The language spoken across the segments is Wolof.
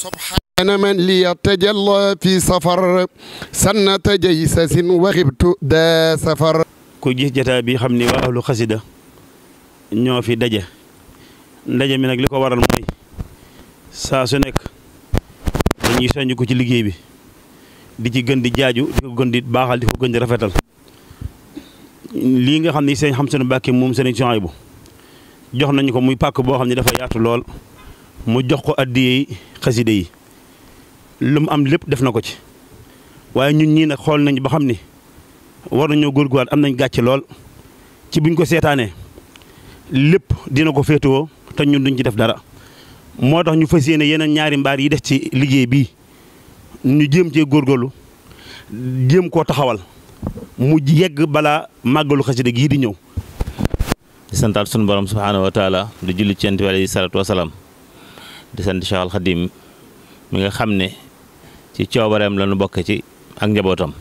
subhaana man liya tajalla fi safar sannata jaysasin wa xibtu da safar ku gis jataa bi xam ni waa ahlu xasida ñoo fi daje ndaje mi nag li ko waral mooy saa su nekk dañuy soññ ko ci liggéey bi di ci gën di jaaju di ko gën di baaxal di ko gën di rafetal lii nga xam ne sëñ Xamsanu Mbàkke moom sëñ Suhaybu jox nañu ko muy pàkk boo xam ne dafa yaatu lool mu jox ko addiyee xaside yi lu mu am lépp def na ko ci waaye ñun ñii ne xool nañ ba xam ni war nañoo góorgóorlu am nañ gàcce lool ci buñ ko seetaanee lépp dina ko féetewoo te ñun duñ ci def dara moo tax ñu fas yéene yeneen ñaari mbaar yi def ci liggéey bii ñu jëm cee góorgóorlu jëm koo taxawal mu yegg balaa màggalu xasida gii di ñëw. di santaat sunu borom subhaanahu wa taala di julli ci yonent bi alayhi salaam di sant Cheikh Al Khadim mi nga xam ne ci coobareem la nu bokk ci ak njabootam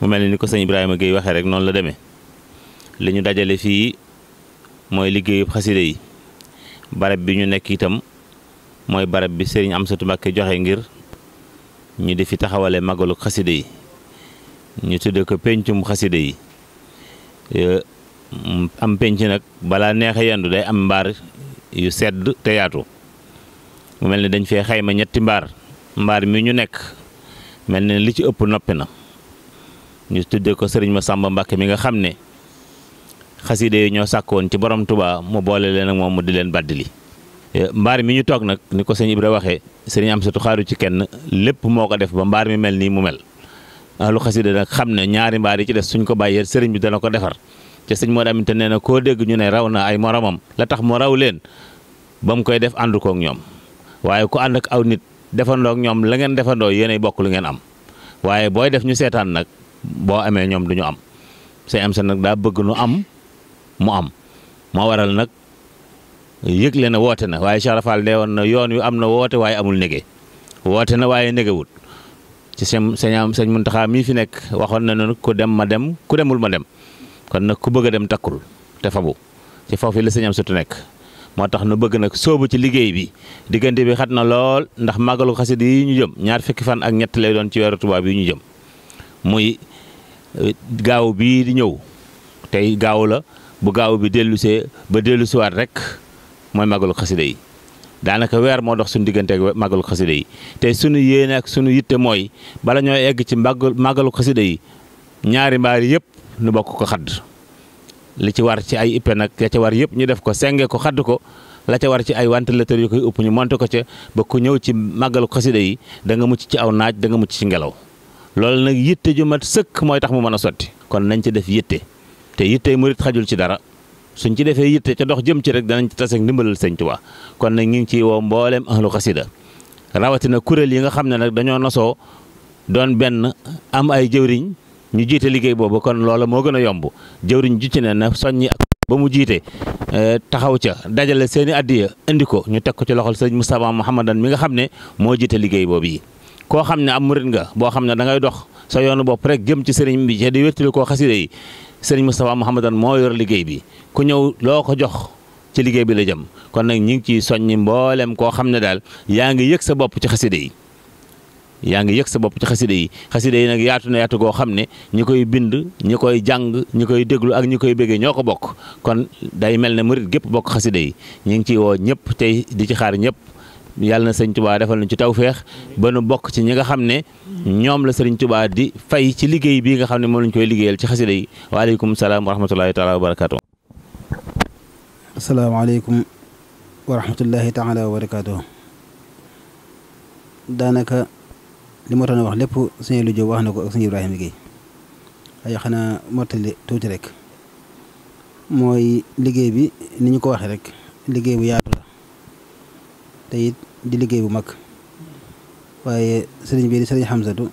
mu mel ni ni ko sëñ Ibrahima Guèye waxee rek noonu la deme li ñu dajale fii mooy liggéeyub xaside yi barab bi ñu nekk itam mooy barab bi am Amsatu Mbàkke joxe ngir ñu di fi taxawale magalu xasida yi ñu tudde ko péncum xasida yi am penc nag balaa neexe yendu day am mbaar yu sedd te yaatu mu mel ni dañ fee xayma ñetti mbaar mbaar mi ñu nekk mel ni li ci ëpp noppi na ñu tuddee ko sëriñ Masamba Mbàkke mi nga xam ne xaside yi ñoo sàkkoon ci borom tubaa mu boole leen moom mu di leen li eh, mbaar mi ñu toog nag ni ko sëñ Ibra waxee sëriñ am satu xaaru ci kenn lépp moo ko def ba mbaar mi mel nii mu mel ahlu xaside nag xam ne ñaari mbaar yi ci def suñ ko bàyyee sëriñ bi dana ko defar te sëñ moo daaminte nee na koo dégg ñu ne raw na ay moromam la tax mu raw leen ba mu koy def ànd ñoom waaye ku ànd ak aw nit defandook ñoom la ngeen defandoo yeneen bokk lu ngeen am waaye booy def ñu seetaan nag boo amee ñoom du ñu am am CMC nag daa bëgg nu am mu am moo waral nag yëgle na woote na waaye Cheikh Fall dee woon na yoon wi am na woote waaye amul nege woote na waaye negewut ci seen sëñ sëñ Muntaxa mii fi nekk waxoon na ne ku dem ma dem ku demul ma dem kon nag ku bëgg a dem takkul te fabu ci foofu la sëñ am sutu nekk. moo tax nu bëgg nag soobu ci liggéey bi diggante bi xat na lool ndax màggalu xasida yi ñu jëm ñaar fekki fan ak ñett lay doon ci weeru tubaab yi ñu jëm muy eh, gaaw bii di ñëw tey gaaw la bu gaaw bi dellusee ba dellusiwaat rek mooy magalu xasida yi daanaka weer moo dox suñu diggante ak màggalu xasida yi tey suñu yéene ak sunu yitte mooy bala ñoo egg ci màggalu xasida yi ñaari mbaari yëpp nu bokk ko xadd li ci war ci ay ippe nag ya ca war yëpp ñu def ko sengee ko xadd ko la ca war ci ay ventilateur yu koy upp ñu monte ko ca ba ku ñëw ci màggalu xasida yi da nga mucc ci aw naaj danga mucc ci ngelaw loolu nag yitte ju mat sëkk mooy tax mu mën a sotti kon nañ ci def yitte te yitte murit xajul ci dara suñ ci defee yitte ca ndox jëm ci rek danañ ci taseeg ndimbalal sëñ Tuubaa kon na ñu ngi ciy woo mbooleem ahlu xasida rawatina kuréel yi nga xam ne nag dañoo nosoo doon benn am ay jëwriñ ñu jiite liggéey boobu kon loola moo gën a yomb jëwriñ ju ci ne na soññi ak ba mu jiite eh, taxaw ca dajale seeni addiya indi ko ñu teg ko ci loxol sëñ Moustapha Mouhamadan mi nga xam ne moo jiite liggéey boobu yi koo xam ne am murit nga boo xam ne da dox sa yoonu bopp rek jëm ci sëriñ bi ci di wéttali koo xasida yi sëriñ Moustapha Mouhamadan moo yor liggéey bi ku ñëw loo ko jox ci liggéey bi la jëm kon nag ñu ngi ciy soññi mboolem koo xam ne daal yaa ngi yëg sa bopp ci xasida yi yaa ngi yëg sa bopp ci xasida yi xasida yi nag yaatu na yaatu goo xam ne ñi koy bind ñi koy jàng ñi koy déglu ak ñi koy béggee ñoo ko bokk kon day mel ne murit gépp bokk xasida yi ñu ngi ciy woo ñëpp tey di ci xaar ñëpp yàlla na sëñ Tuubaa defal nañ ci tawféex ba nu bokk ci ñi nga xam ne ñoom la sëriñ Tuubaa di fay ci liggéey bii nga xam ne moom lañ koy liggéeyal ci xasida yi waaleykum salaam wa rahmatullahi taala wa barakaatu. asalaamaaleykum daanaka. li ma doon wax lépp sëñ Lu Jóob wax na ko ak sëñ Ibrahima Guèye ay xanaa mottali tuuti rek mooy liggéey bi ni ñu ko waxee rek liggéey bu yaatu la te di liggéey bu mag waaye sëriñ bi di sëriñ Xamsatu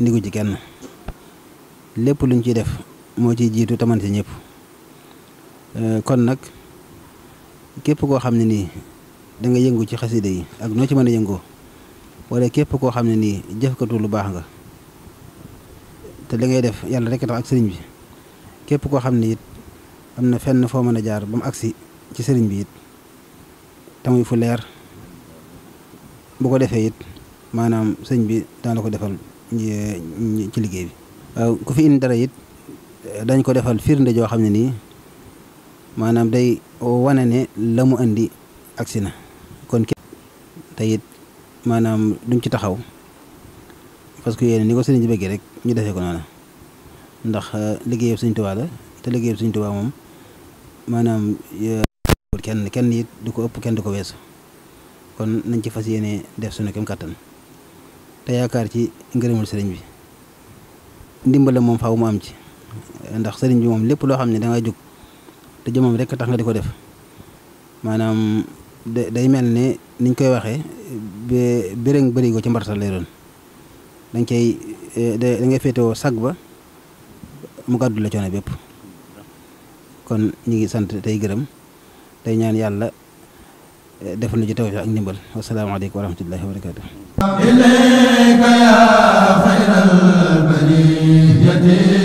ndigu ci kenn lépp luñ ci def moo ciy jiitu taman ci ñëpp euh, kon nag képp koo xam ne nii da nga yëngu ci xasida yi ak noo ci mën a yëngoo wala képp koo xam ne nii jëfkatu lu baax nga te li ngay def yàlla rek tax ak sëriñ bi képp koo xam ne it am na fenn foo mën a jaar ba mu agsi ci sëriñ bi it te fu leer bu ko defee it maanaam sëriñ bi daan la ko defal ci liggéey bi. ku fi indi dañ ko defal firnde joo xam ne nii maanaam day wane ne la mu indi agsi na kon te it maanaam duñ ci taxaw parce que yéen ni ko sëriñ bi bëggee rek ñu defee ko noonu ndax euh, liggéeyam Sëriñ Tuubaa la te liggéeyam Sëriñ Tuubaa moom maanaam euh, kenn kenn it du ko ëpp kenn du ko weesu kon nañ ci fas yéene def suñu kem kàttan te yaakaar ci ngërëmul sëriñ bi ndimbale moom faaw mu am ci ndax sëriñ bi moom lépp loo xam ne da nga jóg te jëmam rek tax nga di ko def maanaam day mel ni niñ koy waxee bérëng bërigo ci mbartal lay doon dañ cay eh, da ngay féetewoo sag ba mu gàddu la coono bépp kon ñu ngi sant tey gërëm tey ñaan yàlla eh, defal na ci tawfiq ak ndimbal wasalaamaaleykum wa rahmatullahi wa barakaatu ilayka ya xayral bariyati